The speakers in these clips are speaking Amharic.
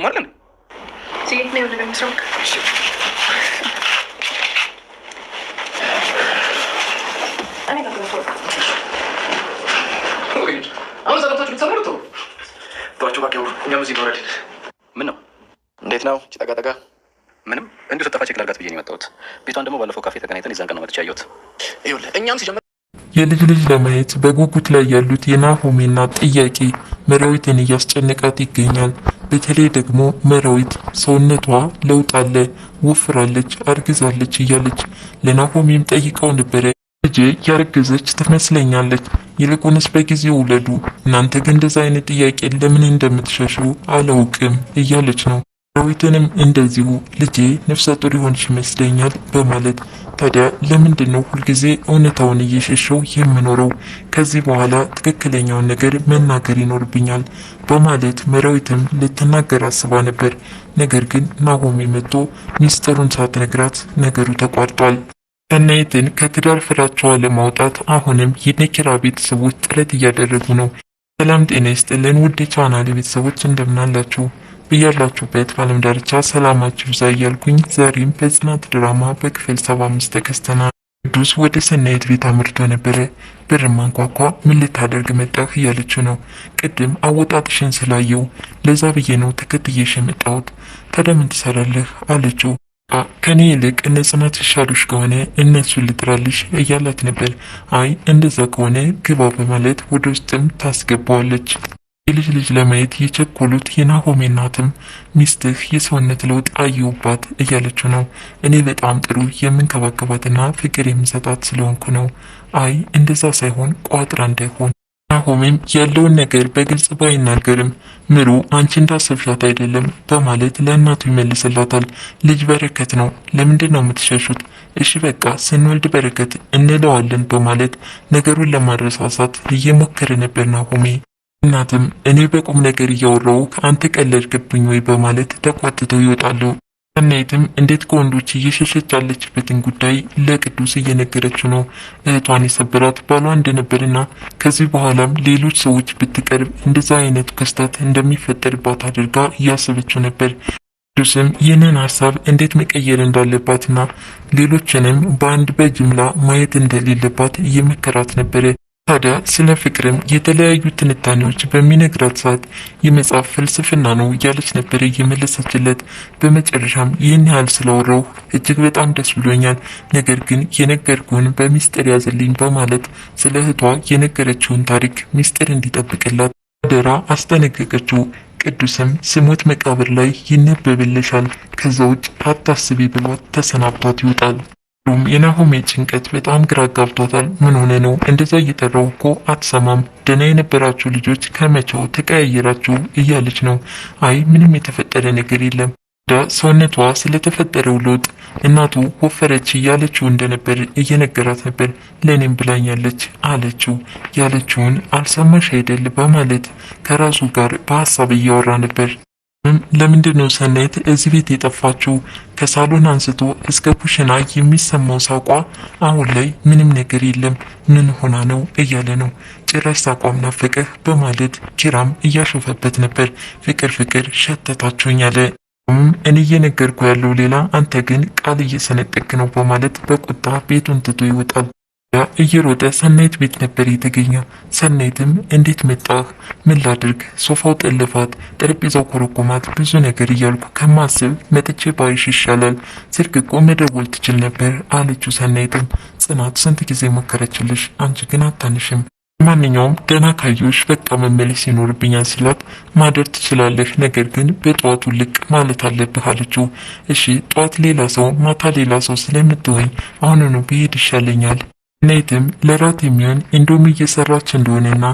ነው ማለት ነው። ምን ነው? እንዴት ነው? ጭጠቃጠቃ ምንም እንዲሁ ተጠፋ ቼክ ላድርጋት ብዬ ነው የመጣሁት። ቤቷን ደግሞ ባለፈው ካፌ ተገናኝተን የዛን ቀን መጥቼ ያየሁት። ይኸውልህ እኛም ሲጀምር የልጅ ልጅ ለማየት በጉጉት ላይ ያሉት የናሆሜና ጥያቄ መራዊትን እያስጨነቃት ይገኛል። በተለይ ደግሞ መራዊት ሰውነቷ ለውጥ አለ፣ ወፍራለች፣ አርግዛለች እያለች ለናሆሜም ጠይቀው ነበረ። ልጄ ያረገዘች ትመስለኛለች፣ ይልቁንስ በጊዜ ውለዱ። እናንተ ግን እንደዛ አይነት ጥያቄ ለምን እንደምትሸሹ አላውቅም እያለች ነው ዳዊትንም እንደዚሁ ልጄ ነፍሰ ጡር የሆንሽ ይመስለኛል በማለት ታዲያ ለምንድን ነው ሁልጊዜ እውነታውን እየሸሸው የምኖረው? ከዚህ በኋላ ትክክለኛውን ነገር መናገር ይኖርብኛል በማለት መራዊትም ልትናገር አስባ ነበር። ነገር ግን ናሆም መጥቶ ሚስጥሩን ሳትነግራት ነገሩ ተቋርጧል። ሰናይትን ከትዳር ፍራቸዋ ለማውጣት አሁንም የነኪራ ቤተሰቦች ጥረት እያደረጉ ነው። ሰላም ጤና ይስጥልን ውድ የቻናሌ ቤተሰቦች እንደምናላችሁ ብያላችሁበት ባለም ዳርቻ ሰላማችሁ ይብዛ እያልኩኝ ዛሬም በጽናት ድራማ በክፍል ሰባ አምስት ተከስተናል። ቅዱስ ወደ ሰናይት ቤት አምርቶ ነበረ። በር ማንኳኳ ምን ልታደርግ መጣህ? እያለችው ነው። ቅድም አወጣጥሽን ስላየው ለዛ ብዬ ነው ተከትዬሽ የመጣሁት። ታዲያ ምን ትሰራለህ? አለችው። ከኔ ይልቅ እነ ጽናት ይሻሉሽ ከሆነ እነሱን ልጥራልሽ እያላት ነበር። አይ እንደዛ ከሆነ ግባ በማለት ወደ ውስጥም ታስገባዋለች። የልጅ ልጅ ለማየት የቸኮሉት የናሆሜ እናትም ሚስትህ የሰውነት ለውጥ አየውባት እያለችው ነው። እኔ በጣም ጥሩ የምንከባከባትና ፍቅር የምሰጣት ስለሆንኩ ነው። አይ እንደዛ ሳይሆን ቋጥራ እንዳይሆን። ናሆሜም ያለውን ነገር በግልጽ ባይናገርም ምሩ አንቺ እንዳሰብሻት አይደለም በማለት ለእናቱ ይመልስላታል። ልጅ በረከት ነው፣ ለምንድን ነው የምትሸሹት? እሺ በቃ ስንወልድ በረከት እንለዋለን በማለት ነገሩን ለማረሳሳት እየሞከረ ነበር ናሆሜ። እናትም እኔ በቁም ነገር እያወራው አንተ ቀለድክብኝ ወይ በማለት ተቋጥተው ይወጣሉ። እናይትም እንዴት ከወንዶች እየሸሸች ያለችበትን ጉዳይ ለቅዱስ እየነገረችው ነው። እህቷን የሰበራት ባሏ እንደነበርና ከዚህ በኋላም ሌሎች ሰዎች ብትቀርብ እንደዛ አይነቱ ክስተት እንደሚፈጠርባት አድርጋ እያሰበችው ነበር። ቅዱስም ይህንን ሀሳብ እንዴት መቀየር እንዳለባትና ሌሎችንም በአንድ በጅምላ ማየት እንደሌለባት እየመከራት ነበረ። ታዲያ ስለ ፍቅርም የተለያዩ ትንታኔዎች በሚነግራት ሰዓት የመጽሐፍ ፍልስፍና ነው እያለች ነበር እየመለሰችለት። በመጨረሻም ይህን ያህል ስላወራው እጅግ በጣም ደስ ብሎኛል፣ ነገር ግን የነገርኩህን በሚስጥር ያዘልኝ በማለት ስለ እህቷ የነገረችውን ታሪክ ሚስጥር እንዲጠብቅላት አደራ አስጠነቀቀችው። ቅዱስም ስሞት መቃብር ላይ ይነበብልሻል፣ ከዛ ውጭ አታስቢ ብሏት ተሰናብቷት ይወጣል። ሁሉም የናሆሜ ጭንቀት በጣም ግራ ጋብቷታል። ምን ሆነ ነው እንደዛ እየጠራው እኮ አትሰማም? ደህና የነበራችሁ ልጆች ከመቼው ተቀያየራችሁ? እያለች ነው። አይ ምንም የተፈጠረ ነገር የለም ዳ ሰውነቷ ስለተፈጠረው ለውጥ እናቱ ወፈረች እያለችው እንደነበር እየነገራት ነበር። ለእኔም ብላኛለች አለችው። ያለችውን አልሰማሽ አይደል በማለት ከራሱ ጋር በሀሳብ እያወራ ነበር። ለምንድን ነው ሰናይት እዚህ ቤት የጠፋችው? ከሳሎን አንስቶ እስከ ኩሽና የሚሰማው ሳቋ አሁን ላይ ምንም ነገር የለም። ምን ሆና ነው እያለ ነው። ጭራሽ ሳቋም ናፈቀህ በማለት ኪራም እያሾፈበት ነበር። ፍቅር ፍቅር ሸተታችሁኝ አለ። እኔ እየነገርኩ ያለው ሌላ፣ አንተ ግን ቃል እየሰነጠቅ ነው በማለት በቁጣ ቤቱን ትቶ ይወጣል። እየሮጠ ሰናይት ቤት ነበር የተገኘው። ሰናይትም እንዴት መጣህ? ምን ላድርግ? ሶፋው ጠልፋት፣ ጠረጴዛው ኮረኮማት፣ ብዙ ነገር እያልኩ ከማስብ መጥቼ ባይሽ ይሻላል። ስልክ እኮ መደወል ትችል ነበር አለችው። ሰናይትም ጽናት ስንት ጊዜ ሞከረችልሽ፣ አንቺ ግን አታንሽም። ማንኛውም ደህና ካየሁሽ በቃ መመለስ ይኖርብኛል ሲላት ማደር ትችላለህ፣ ነገር ግን በጠዋቱ ልቅ ማለት አለብህ አለችው። እሺ ጠዋት ሌላ ሰው ማታ ሌላ ሰው ስለምትሆኝ አሁኑኑ ብሄድ ይሻለኛል ኔትም ለራት የሚሆን ኢንዶሚ እየሰራች እንደሆነና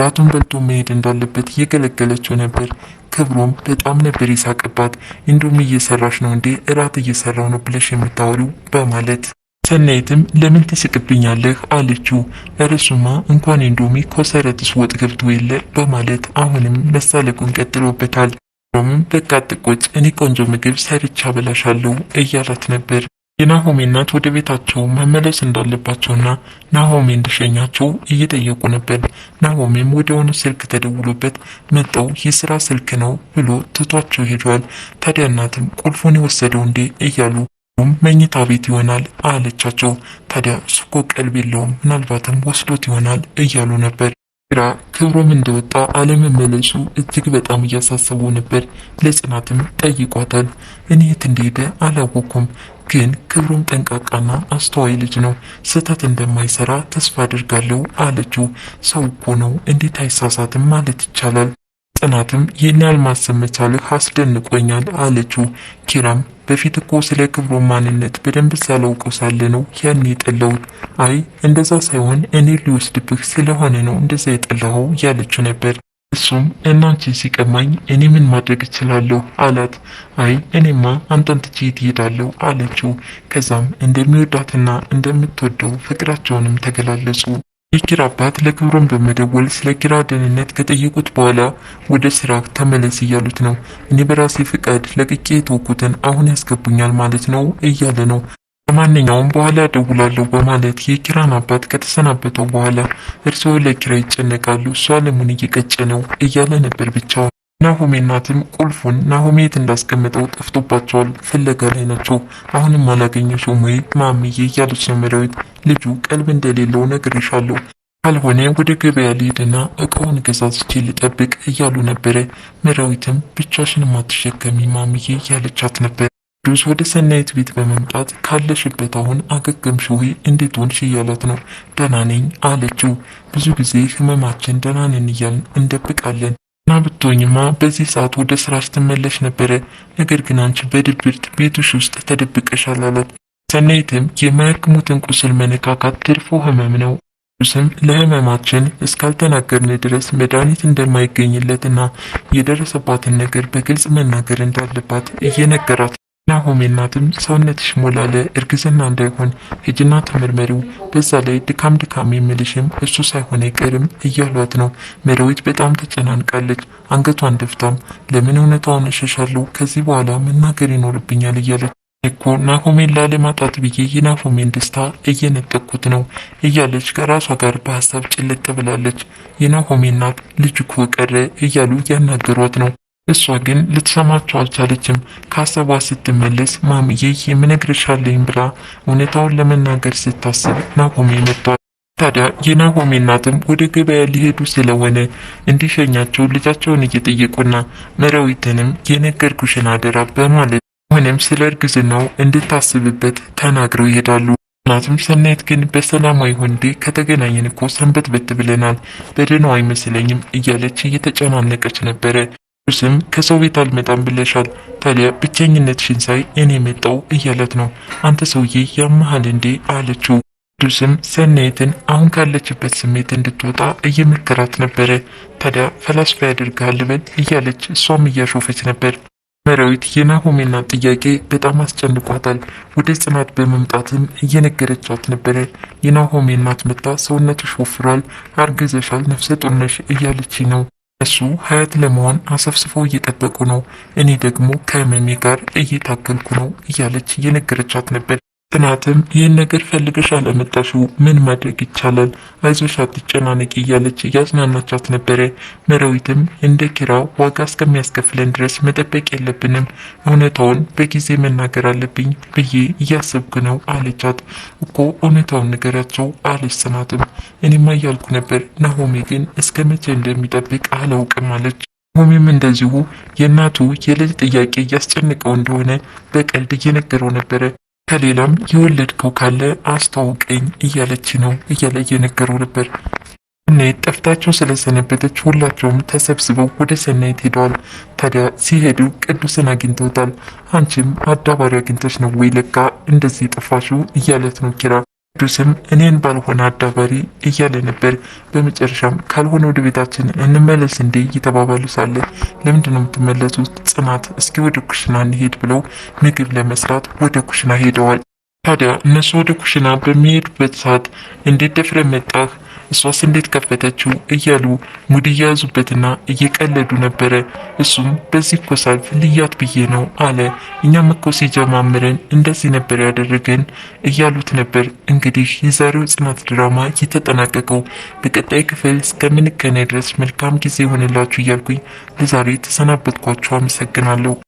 ራቱን በልቶ መሄድ እንዳለበት እየገለገለችው ነበር። ክብሮም በጣም ነበር ይሳቅባት። ኢንዶሚ እየሰራች ነው እንዴ? እራት እየሰራው ነው ብለሽ የምታወሪው በማለት ሰናይትም ለምን ትስቅብኛለህ አለችው። እርሱማ እንኳን ኢንዶሚ ኮሰረትስ ወጥ ገብቶ የለ በማለት አሁንም መሳለቁን ቀጥሎበታል። ክብሮምም በቃ ጥቆጭ፣ እኔ ቆንጆ ምግብ ሰርቻ በላሻለሁ እያላት ነበር። የናሆሜ እናት ወደ ቤታቸው መመለስ እንዳለባቸውና ናሆሜ እንደሸኛቸው እየጠየቁ ነበር። ናሆሜም ሆነ ስልክ ተደውሎበት መጠው የስራ ስልክ ነው ብሎ ትቷቸው ሄደዋል። ታዲያ እናትም ቁልፉን የወሰደው እንዴ እያሉ መኝታ ቤት ይሆናል አለቻቸው። ታዲያ እሱ እኮ ቀልብ የለውም ምናልባትም ወስዶት ይሆናል እያሉ ነበር። ራ ክብሮም እንደወጣ አለመመለሱ እጅግ በጣም እያሳሰቡ ነበር። ለጽናትም ጠይቋታል። እኔ የት እንደሄደ አላወኩም ግን ክብሮም ጠንቃቃና አስተዋይ ልጅ ነው፣ ስህተት እንደማይሰራ ተስፋ አድርጋለሁ አለችው። ሰው እኮ ነው እንዴት አይሳሳትም ማለት ይቻላል። ጽናትም ይህን ያህል ማሰብ መቻልህ አስደንቆኛል አለችው። ኪራም በፊት እኮ ስለ ክብሮም ማንነት በደንብ ሳላውቀው ሳለ ነው ያን የጠላሁት። አይ እንደዛ ሳይሆን እኔ ሊወስድብህ ስለሆነ ነው እንደዛ የጠላኸው ያለችው ነበር። እሱም እናንቺን ሲቀማኝ እኔ ምን ማድረግ እችላለሁ አላት። አይ እኔማ አንተን ትቼ ትሄዳለሁ አለችው። ከዛም እንደሚወዳትና እንደምትወደው ፍቅራቸውንም ተገላለጹ። የኪራ አባት ለክብሮም በመደወል ስለ ኪራ ደህንነት ከጠየቁት በኋላ ወደ ስራ ተመለስ እያሉት ነው። እኔ በራሴ ፍቃድ ለቅቄ የተወኩትን አሁን ያስገቡኛል ማለት ነው እያለ ነው ለማንኛውም በኋላ እደውላለሁ በማለት የኪራን አባት ከተሰናበተው በኋላ እርስዎ ለኪራ ይጨነቃሉ፣ እሷ አለሙን እየቀጨ ነው እያለ ነበር ብቻውን። ናሆሜ እናትም ቁልፉን ናሆሜ የት እንዳስቀመጠው ጠፍቶባቸዋል፣ ፍለጋ ላይ ናቸው። አሁንም አላገኘሽውም ወይ ማምዬ እያለች ነው መራዊት። ልጁ ቀልብ እንደሌለው ነግሬሻለሁ፣ ካልሆነ ወደ ገበያ ሊሄድና እቃውን ገዛዝቼ ልጠብቅ እያሉ ነበረ። መራዊትም ብቻሽንም አትሸከሚ ማምዬ እያለቻት ነበር። ቅዱስ ወደ ሰናይት ቤት በመምጣት ካለሽበት አሁን አገገምሽ ወይ እንዴት ሆንሽ እያላት ነው። ደህና ነኝ አለችው። ብዙ ጊዜ ህመማችን ደህና ነን እያልን እንደብቃለን እና ብትሆኝማ በዚህ ሰዓት ወደ ስራሽ ትመለሽ ነበረ። ነገር ግን አንቺ በድብርት ቤትሽ ውስጥ ተደብቀሻል አላት። ሰናይትም የማያክሙትን ቁስል መነካካት ትርፎ ህመም ነው ቅዱስም ለህመማችን እስካልተናገርን ድረስ መድኃኒት እንደማይገኝለትና የደረሰባትን ነገር በግልጽ መናገር እንዳለባት እየነገራት ናሆሜ እናትም ሰውነትሽ ሞላለ እርግዝና እንዳይሆን ሂጂና ተመርመሪው፣ በዛ ላይ ድካም ድካም የሚልሽም እሱ ሳይሆን አይቀርም እያሏት ነው። መራዊት በጣም ተጨናንቃለች። አንገቷን ደፍታም ለምን እውነታውን እሸሻለሁ ከዚህ በኋላ መናገር ይኖርብኛል እያለች እኮ ናሆሜን ላለማጣት ብዬ የናሆሜን ደስታ እየነጠኩት ነው እያለች ከራሷ ጋር በሀሳብ ጭልጥ ብላለች። የናሆሜ እናት ልጅ እኮ ቀረ እያሉ እያናገሯት ነው። እሷ ግን ልትሰማቸው አልቻለችም። ካሰባ ስትመለስ ማምዬ የምነግርሻለኝ ብላ እውነታውን ለመናገር ስታስብ ናሆሜ መጥቷል። ታዲያ የናሆሜ እናትም ወደ ገበያ ሊሄዱ ስለሆነ እንዲሸኛቸው ልጃቸውን እየጠየቁና መራዊትንም የነገርኩሽን አደራ በማለት ሆነም ስለ እርግዝናው እንድታስብበት ተናግረው ይሄዳሉ። እናትም ሰናይት ግን በሰላማዊ ሆንዴ ከተገናኘን እኮ ሰንበት በት ብለናል፣ በደህናው አይመስለኝም እያለች እየተጨናነቀች ነበረ። ስም ከሰው ቤት አልመጣም ብለሻል። ታዲያ ብቸኝነትሽን ሳይ እኔ መጣው እያላት ነው። አንተ ሰውዬ ያመሃል እንዴ አለችው። ቅዱስም ሰናይትን አሁን ካለችበት ስሜት እንድትወጣ እየመከራት ነበረ። ታዲያ ፈላስፋ ያደርግሃል ልበል እያለች እሷም እያሾፈች ነበር። መራዊት የናሆሜና ጥያቄ በጣም አስጨንቋታል። ወደ ጽናት በመምጣትም እየነገረቻት ነበረ። የናሆሜ እናት መታ ሰውነትሽ ወፍሯል፣ አርግዘሻል፣ ነፍሰ ጡር ነሽ እያለች ነው እሱ ሀያት ለመዋን አሰፍስፈው እየጠበቁ ነው፣ እኔ ደግሞ ከህመሜ ጋር እየታገልኩ ነው እያለች እየነገረቻት ነበር። ጽናትም ይህን ነገር ፈልገሽ አለመጣሽው ምን ማድረግ ይቻላል፣ አይዞሽ አትጨናነቂ እያለች እያጽናናቻት ነበረ። መራዊትም እንደ ኪራ ዋጋ እስከሚያስከፍለን ድረስ መጠበቅ የለብንም እውነታውን በጊዜ መናገር አለብኝ ብዬ እያሰብኩ ነው አለቻት። እኮ እውነታውን ንገሪያቸው አለች ጽናትም። እኔማ እያልኩ ነበር፣ ናሆሜ ግን እስከ መቼ እንደሚጠብቅ አላውቅም አለች። ሆሜም እንደዚሁ የእናቱ የልጅ ጥያቄ እያስጨንቀው እንደሆነ በቀልድ እየነገረው ነበረ። ከሌላም የወለድከው ካለ አስተዋውቀኝ እያለች ነው እያለ እየነገረው ነበር። ሰናይት ጠፍታቸው ስለሰነበተች ሁላቸውም ተሰብስበው ወደ ሰናይት ሄደዋል። ታዲያ ሲሄዱ ቅዱስን አግኝተውታል። አንቺም አዳባሪ አግኝተች ነው ወይ ለካ እንደዚህ የጠፋሽው እያለት ነው ኪራ ቅዱስም እኔን ባልሆነ አዳባሪ እያለ ነበር። በመጨረሻም ካልሆነ ወደ ቤታችን እንመለስ እንዴ እየተባባሉ ሳለ ለምንድን ነው የምትመለሱት? ጽናት እስኪ ወደ ኩሽና እንሄድ ብለው ምግብ ለመስራት ወደ ኩሽና ሄደዋል። ታዲያ እነሱ ወደ ኩሽና በሚሄዱበት ሰዓት እንዴት ደፍረ መጣህ እሷስ እንዴት ከፈተችው እያሉ ሙድ እየያዙበትና እየቀለዱ ነበረ። እሱም በዚህ እኮ ሳልፍ ልያት ብዬ ነው አለ። እኛም እኮ ሲጀማምረን እንደዚህ ነበር ያደረገን እያሉት ነበር። እንግዲህ የዛሬው ጽናት ድራማ የተጠናቀቀው። በቀጣይ ክፍል እስከምንገናኝ ድረስ መልካም ጊዜ ሆነላችሁ እያልኩኝ ለዛሬ ተሰናበትኳችሁ። አመሰግናለሁ።